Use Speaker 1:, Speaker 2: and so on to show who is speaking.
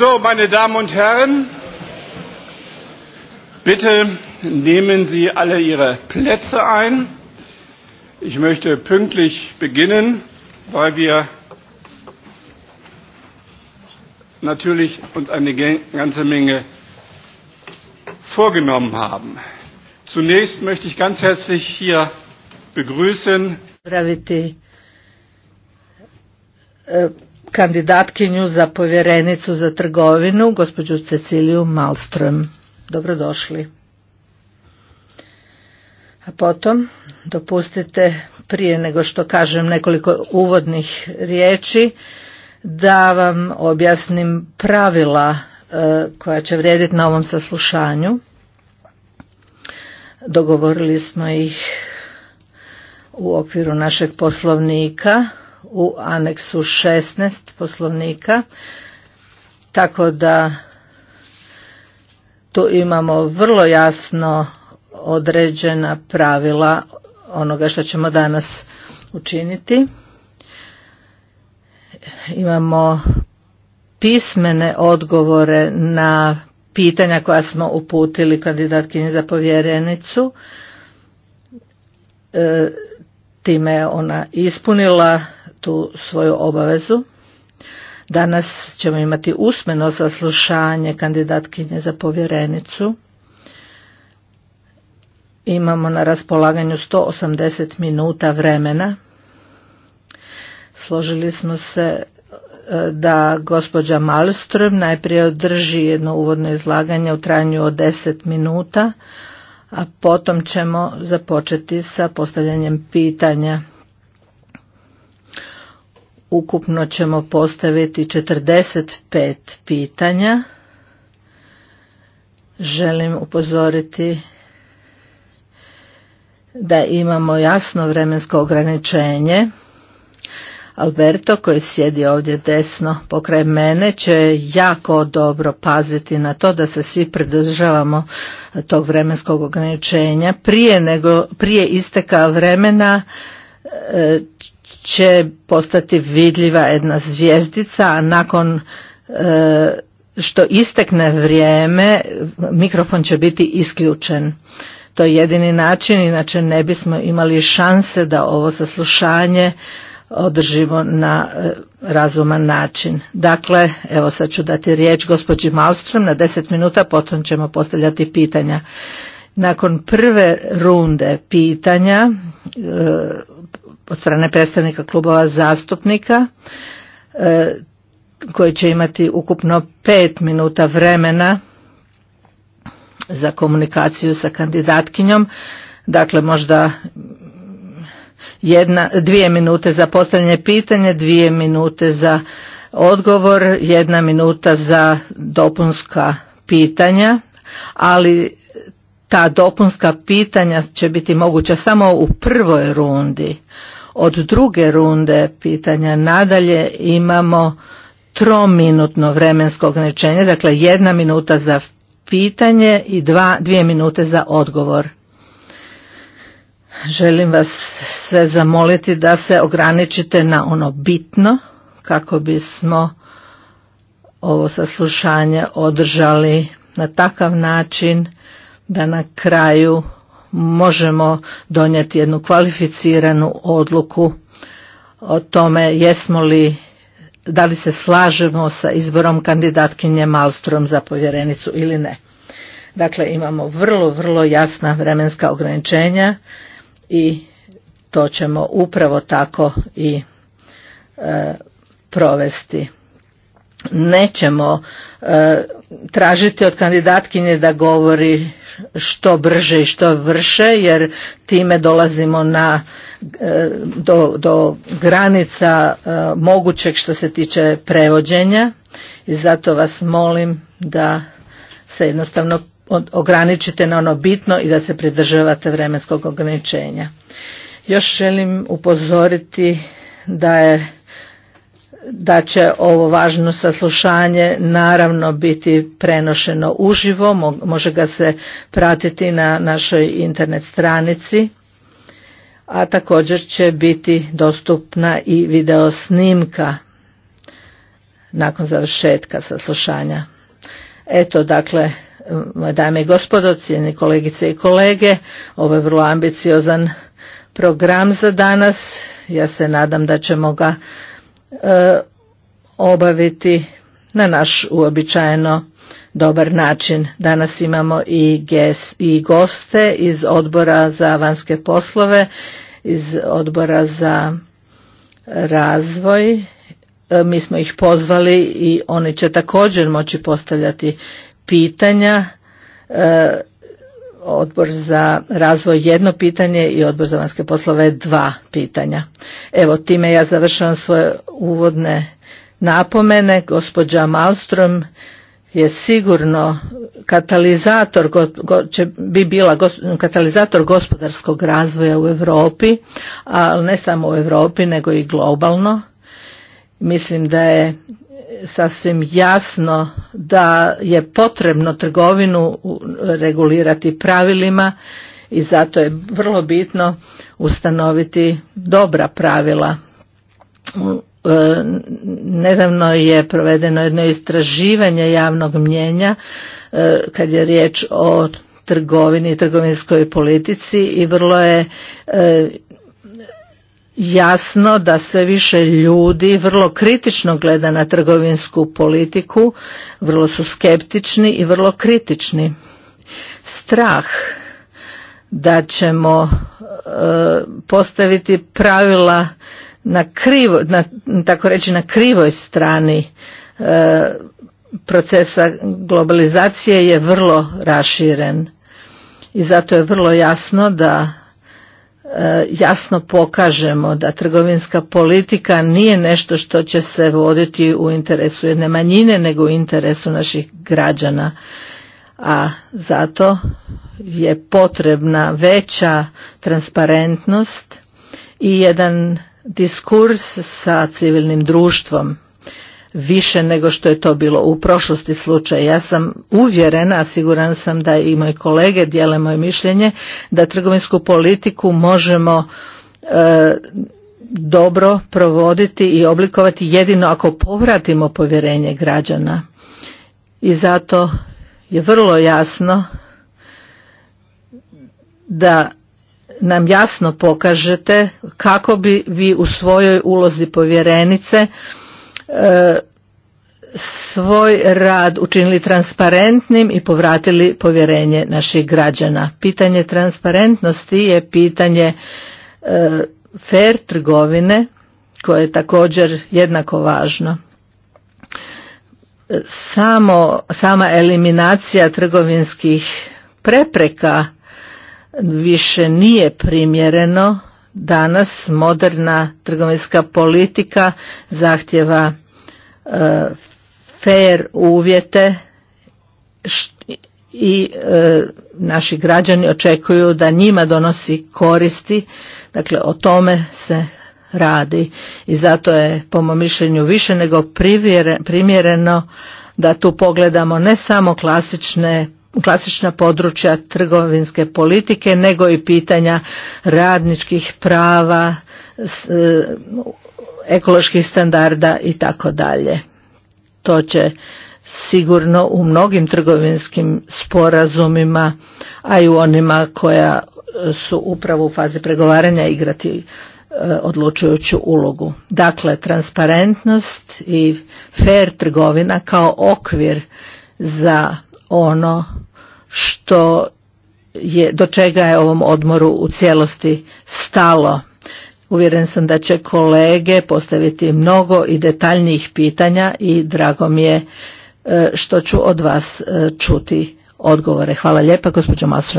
Speaker 1: So, meine Damen und Herren, bitte nehmen Sie alle Ihre Plätze ein. Ich möchte pünktlich beginnen, weil wir natürlich uns eine ganze Menge vorgenommen haben. Zunächst möchte ich ganz herzlich hier begrüßen kandidatkinju za povjerenicu za trgovinu, gospođu Ceciliju Malström. Dobrodošli. A potom dopustite prije nego što kažem nekoliko uvodnih riječi da vam objasnim pravila e, koja će vrijediti na ovom saslušanju. Dogovorili smo ih u okviru našeg poslovnika u aneksu 16 poslovnika, tako da tu imamo vrlo jasno određena pravila onoga što ćemo danas učiniti. Imamo pismene odgovore na pitanja koja smo uputili kandidatkinji za povjerenicu. E, time je ona ispunila tu svoju obavezu. Danas ćemo imati usmeno saslušanje kandidatkinje za povjerenicu. Imamo na raspolaganju 180 minuta vremena. Složili smo se e, da gospođa Malström najprije održi jedno uvodno izlaganje u trajanju od 10 minuta, a potom ćemo započeti sa postavljanjem pitanja. Ukupno ćemo postaviti 45 pitanja. Želim upozoriti da imamo jasno vremensko ograničenje. Alberto koji sjedi ovdje desno pokraj mene će jako dobro paziti na to da se svi pridržavamo tog vremenskog ograničenja. Prije, nego, prije isteka vremena e, će postati vidljiva jedna zvijezdica, a nakon e, što istekne vrijeme mikrofon će biti isključen. To je jedini način, inače ne bismo imali šanse da ovo saslušanje održimo na e, razuman način. Dakle, evo sad ću dati riječ gospođi Malstrom na 10 minuta, potom ćemo postavljati pitanja. Nakon prve runde pitanja, e, od strane predstavnika klubova zastupnika e, koji će imati ukupno pet minuta vremena za komunikaciju sa kandidatkinjom. Dakle, možda jedna, dvije minute za postavljanje pitanja, dvije minute za odgovor, jedna minuta za dopunska pitanja, ali ta dopunska pitanja će biti moguća samo u prvoj rundi od druge runde pitanja nadalje imamo trominutno vremensko ograničenje, dakle jedna minuta za pitanje i dva, dvije minute za odgovor. Želim vas sve zamoliti da se ograničite na ono bitno kako bismo ovo saslušanje održali na takav način da na kraju možemo donijeti jednu kvalificiranu odluku o tome jesmo li da li se slažemo sa izborom kandidatkinje Malstrom za povjerenicu ili ne. Dakle, imamo vrlo, vrlo jasna vremenska ograničenja i to ćemo upravo tako i e, provesti nećemo e, tražiti od kandidatkinje da govori što brže i što vrše jer time dolazimo na e, do, do granica e, mogućeg što se tiče prevođenja i zato vas molim da se jednostavno ograničite na ono bitno i da se pridržavate vremenskog ograničenja. Još želim upozoriti da je da će ovo važno saslušanje naravno biti prenošeno uživo, može ga se pratiti na našoj internet stranici, a također će biti dostupna i video snimka nakon završetka saslušanja. Eto, dakle, dame i gospodo, cijeni kolegice i kolege, ovo je vrlo ambiciozan program za danas, ja se nadam da ćemo ga E, obaviti na naš uobičajeno dobar način. Danas imamo i, i goste iz odbora za vanjske poslove, iz odbora za razvoj. E, mi smo ih pozvali i oni će također moći postavljati pitanja. E, odbor za razvoj jedno pitanje i odbor za vanjske poslove dva pitanja. Evo time ja završavam svoje uvodne napomene. Gospođa Malstrom je sigurno katalizator, go, će bi bila katalizator gospodarskog razvoja u Europi, ali ne samo u Europi nego i globalno. Mislim da je sasvim jasno da je potrebno trgovinu regulirati pravilima i zato je vrlo bitno ustanoviti dobra pravila. E, nedavno je provedeno jedno istraživanje javnog mnjenja e, kad je riječ o trgovini i trgovinskoj politici i vrlo je e, jasno da sve više ljudi vrlo kritično gleda na trgovinsku politiku, vrlo su skeptični i vrlo kritični. Strah da ćemo e, postaviti pravila na krivo, na, tako reći na krivoj strani e, procesa globalizacije je vrlo raširen i zato je vrlo jasno da jasno pokažemo da trgovinska politika nije nešto što će se voditi u interesu jedne manjine nego u interesu naših građana a zato je potrebna veća transparentnost i jedan diskurs sa civilnim društvom više nego što je to bilo u prošlosti slučaj. Ja sam uvjerena, a siguran sam da i moji kolege dijele moje mišljenje, da trgovinsku politiku možemo e, dobro provoditi i oblikovati jedino ako povratimo povjerenje građana. I zato je vrlo jasno da nam jasno pokažete kako bi vi u svojoj ulozi povjerenice svoj rad učinili transparentnim i povratili povjerenje naših građana. Pitanje transparentnosti je pitanje e, fer fair trgovine koje je također jednako važno. Samo, sama eliminacija trgovinskih prepreka više nije primjereno danas moderna trgovinska politika zahtjeva e, fair uvjete i e, naši građani očekuju da njima donosi koristi dakle o tome se radi i zato je po mom mišljenju više nego primjereno da tu pogledamo ne samo klasične klasična područja trgovinske politike nego i pitanja radničkih prava e, ekoloških standarda i tako dalje to će sigurno u mnogim trgovinskim sporazumima a i u onima koja su upravo u fazi pregovaranja igrati e, odlučujuću ulogu. Dakle, transparentnost i fair trgovina kao okvir za ono što je, do čega je ovom odmoru u cijelosti stalo. Uvjeren sam da će kolege postaviti mnogo i detaljnijih pitanja i drago mi je e, što ću od vas e, čuti odgovore. Hvala lijepa, gospođo Mastrom.